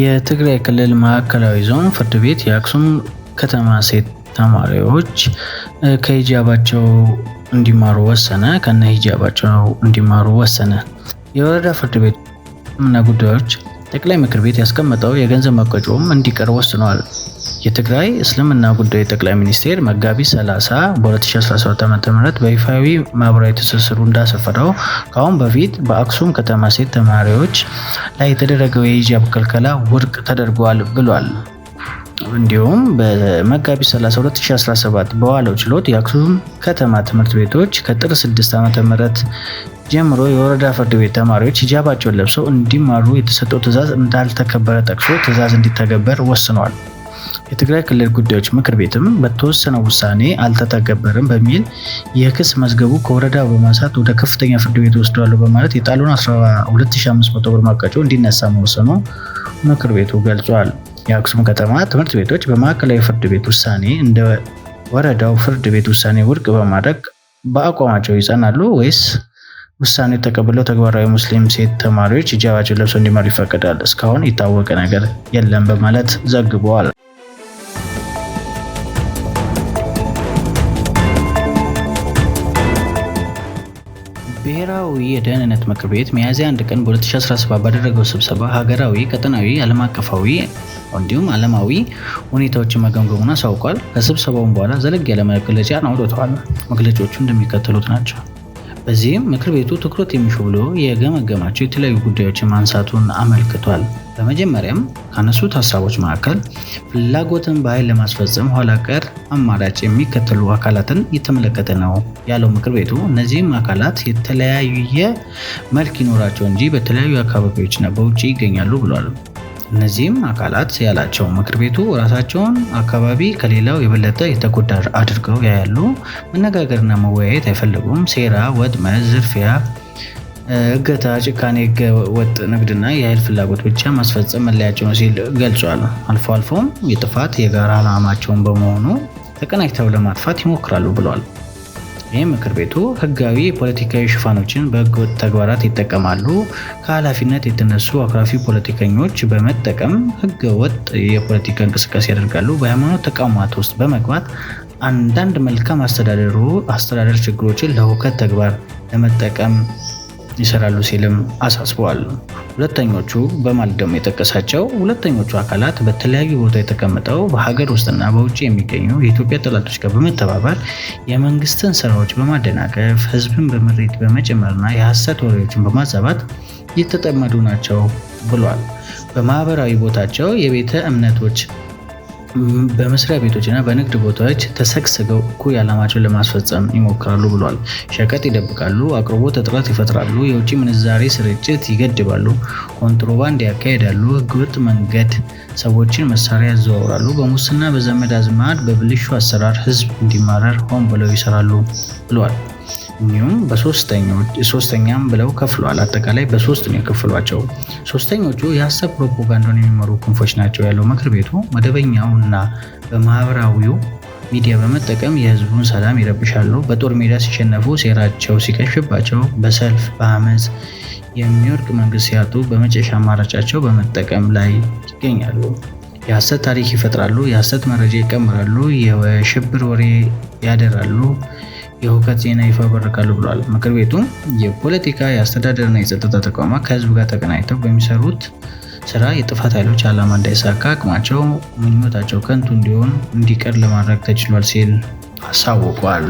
የትግራይ ክልል ማዕከላዊ ዞን ፍርድ ቤት የአክሱም ከተማ ሴት ተማሪዎች ከሂጃባቸው እንዲማሩ ወሰነ። ከነ ሂጃባቸው እንዲማሩ ወሰነ። የወረዳ ፍርድ ቤት ምና ጉዳዮች ጠቅላይ ምክር ቤት ያስቀመጠው የገንዘብ መቀጮም እንዲቀር ወስኗል። የትግራይ እስልምና ጉዳይ ጠቅላይ ሚኒስቴር መጋቢት 30 በ2017 ዓ.ም በይፋዊ ማህበራዊ ትስስሩ እንዳሰፈረው ከአሁን በፊት በአክሱም ከተማ ሴት ተማሪዎች ላይ የተደረገው የሂጃብ ክልከላ ውድቅ ተደርጓል ብሏል። እንዲሁም በመጋቢት 30 2017 በዋለው ችሎት የአክሱም ከተማ ትምህርት ቤቶች ከጥር 6 ዓ.ም ጀምሮ የወረዳ ፍርድ ቤት ተማሪዎች ሂጃባቸውን ለብሰው እንዲማሩ የተሰጠው ትዕዛዝ እንዳልተከበረ ጠቅሶ ትዕዛዝ እንዲተገበር ወስኗል። የትግራይ ክልል ጉዳዮች ምክር ቤትም በተወሰነው ውሳኔ አልተተገበረም በሚል የክስ መዝገቡ ከወረዳ በማንሳት ወደ ከፍተኛ ፍርድ ቤት ወስደዋለሁ በማለት የጣሉን 12500 ብር ማቀጮ እንዲነሳ መወሰኑ ምክር ቤቱ ገልጿል። የአክሱም ከተማ ትምህርት ቤቶች በማዕከላዊ ፍርድ ቤት ውሳኔ እንደ ወረዳው ፍርድ ቤት ውሳኔ ውድቅ በማድረግ በአቋማቸው ይጸናሉ ወይስ ውሳኔ ተቀብለው ተግባራዊ ሙስሊም ሴት ተማሪዎች ሂጃባቸውን ለብሰው እንዲመሩ ይፈቀዳል? እስካሁን የታወቀ ነገር የለም በማለት ዘግበዋል። ብሔራዊ የደህንነት ምክር ቤት ሚያዝያ አንድ ቀን በ2017 ባደረገው ስብሰባ ሀገራዊ፣ ቀጠናዊ፣ ዓለም አቀፋዊ እንዲሁም ዓለማዊ ሁኔታዎችን መገምገሙን አሳውቋል። ከስብሰባውን በኋላ ዘለግ ያለ መግለጫ አውጥተዋል። መግለጫዎቹ እንደሚከተሉት ናቸው። በዚህም ምክር ቤቱ ትኩረት የሚሹ ብሎ የገመገማቸው የተለያዩ ጉዳዮችን ማንሳቱን አመልክቷል። በመጀመሪያም ካነሱት ሀሳቦች መካከል ፍላጎትን በኃይል ለማስፈጸም ኋላ ቀር አማራጭ የሚከተሉ አካላትን የተመለከተ ነው ያለው ምክር ቤቱ እነዚህም አካላት የተለያየ መልክ ይኖራቸው እንጂ በተለያዩ አካባቢዎችና በውጭ ይገኛሉ ብሏል። እነዚህም አካላት ያላቸው ምክር ቤቱ ራሳቸውን አካባቢ ከሌላው የበለጠ የተጎዳ አድርገው ያያሉ። መነጋገርና መወያየት አይፈልጉም። ሴራ፣ ወጥመድ፣ ዝርፊያ፣ እገታ፣ ጭካኔ፣ ህገወጥ ንግድና የኃይል ፍላጎት ብቻ ማስፈጸም መለያቸው ነው ሲል ገልጿል። አልፎ አልፎም የጥፋት የጋራ ዓላማቸውን በመሆኑ ተቀናጅተው ለማጥፋት ይሞክራሉ ብሏል። ይህም ምክር ቤቱ ህጋዊ የፖለቲካዊ ሽፋኖችን በህገወጥ ተግባራት ይጠቀማሉ፣ ከኃላፊነት የተነሱ አክራፊ ፖለቲከኞች በመጠቀም ህገወጥ የፖለቲካ እንቅስቃሴ ያደርጋሉ፣ በሃይማኖት ተቋማት ውስጥ በመግባት አንዳንድ መልካም አስተዳደሩ አስተዳደር ችግሮችን ለሁከት ተግባር ለመጠቀም ይሰራሉ ሲልም አሳስበዋል። ሁለተኞቹ በማልደሙ የጠቀሳቸው ሁለተኞቹ አካላት በተለያዩ ቦታ የተቀመጠው በሀገር ውስጥና በውጭ የሚገኙ የኢትዮጵያ ጠላቶች ጋር በመተባበር የመንግስትን ስራዎች በማደናቀፍ ህዝብን በምሬት በመጨመርና የሀሰት ወሬዎችን በማዛባት የተጠመዱ ናቸው ብሏል። በማህበራዊ ቦታቸው የቤተ እምነቶች በመስሪያ ቤቶችና በንግድ ቦታዎች ተሰግስገው እኩይ ዓላማቸውን ለማስፈጸም ይሞክራሉ ብሏል። ሸቀጥ ይደብቃሉ፣ አቅርቦት እጥረት ይፈጥራሉ፣ የውጭ ምንዛሬ ስርጭት ይገድባሉ፣ ኮንትሮባንድ ያካሂዳሉ፣ ህገወጥ መንገድ ሰዎችን መሳሪያ ያዘዋውራሉ፣ በሙስና በዘመድ አዝማድ በብልሹ አሰራር ህዝብ እንዲማረር ሆን ብለው ይሰራሉ ብለዋል። እንዲሁም በሶስተኛም ብለው ከፍሏል። አጠቃላይ በሶስት ነው የከፍሏቸው። ሶስተኞቹ የሀሰብ ፕሮፓጋንዳን የሚመሩ ክንፎች ናቸው ያለው ምክር ቤቱ መደበኛው እና በማህበራዊው ሚዲያ በመጠቀም የህዝቡን ሰላም ይረብሻሉ። በጦር ሜዳ ሲሸነፉ ሴራቸው ሲቀሽባቸው በሰልፍ በአመፅ የሚወርቅ መንግስት ሲያጡ በመጨረሻ አማራጫቸው በመጠቀም ላይ ይገኛሉ። የሀሰት ታሪክ ይፈጥራሉ። የሀሰት መረጃ ይቀምራሉ። የሽብር ወሬ ያደራሉ። የሁከት ዜና ይፋ ያበረካሉ ብለዋል። ምክር ቤቱ የፖለቲካ የአስተዳደርና የጸጥታ ተቋማት ከህዝብ ጋር ተገናኝተው በሚሰሩት ስራ የጥፋት ኃይሎች ዓላማ እንዳይሳካ አቅማቸው፣ ምኞታቸው ከንቱ እንዲሆን እንዲቀር ለማድረግ ተችሏል ሲል አሳውቋል።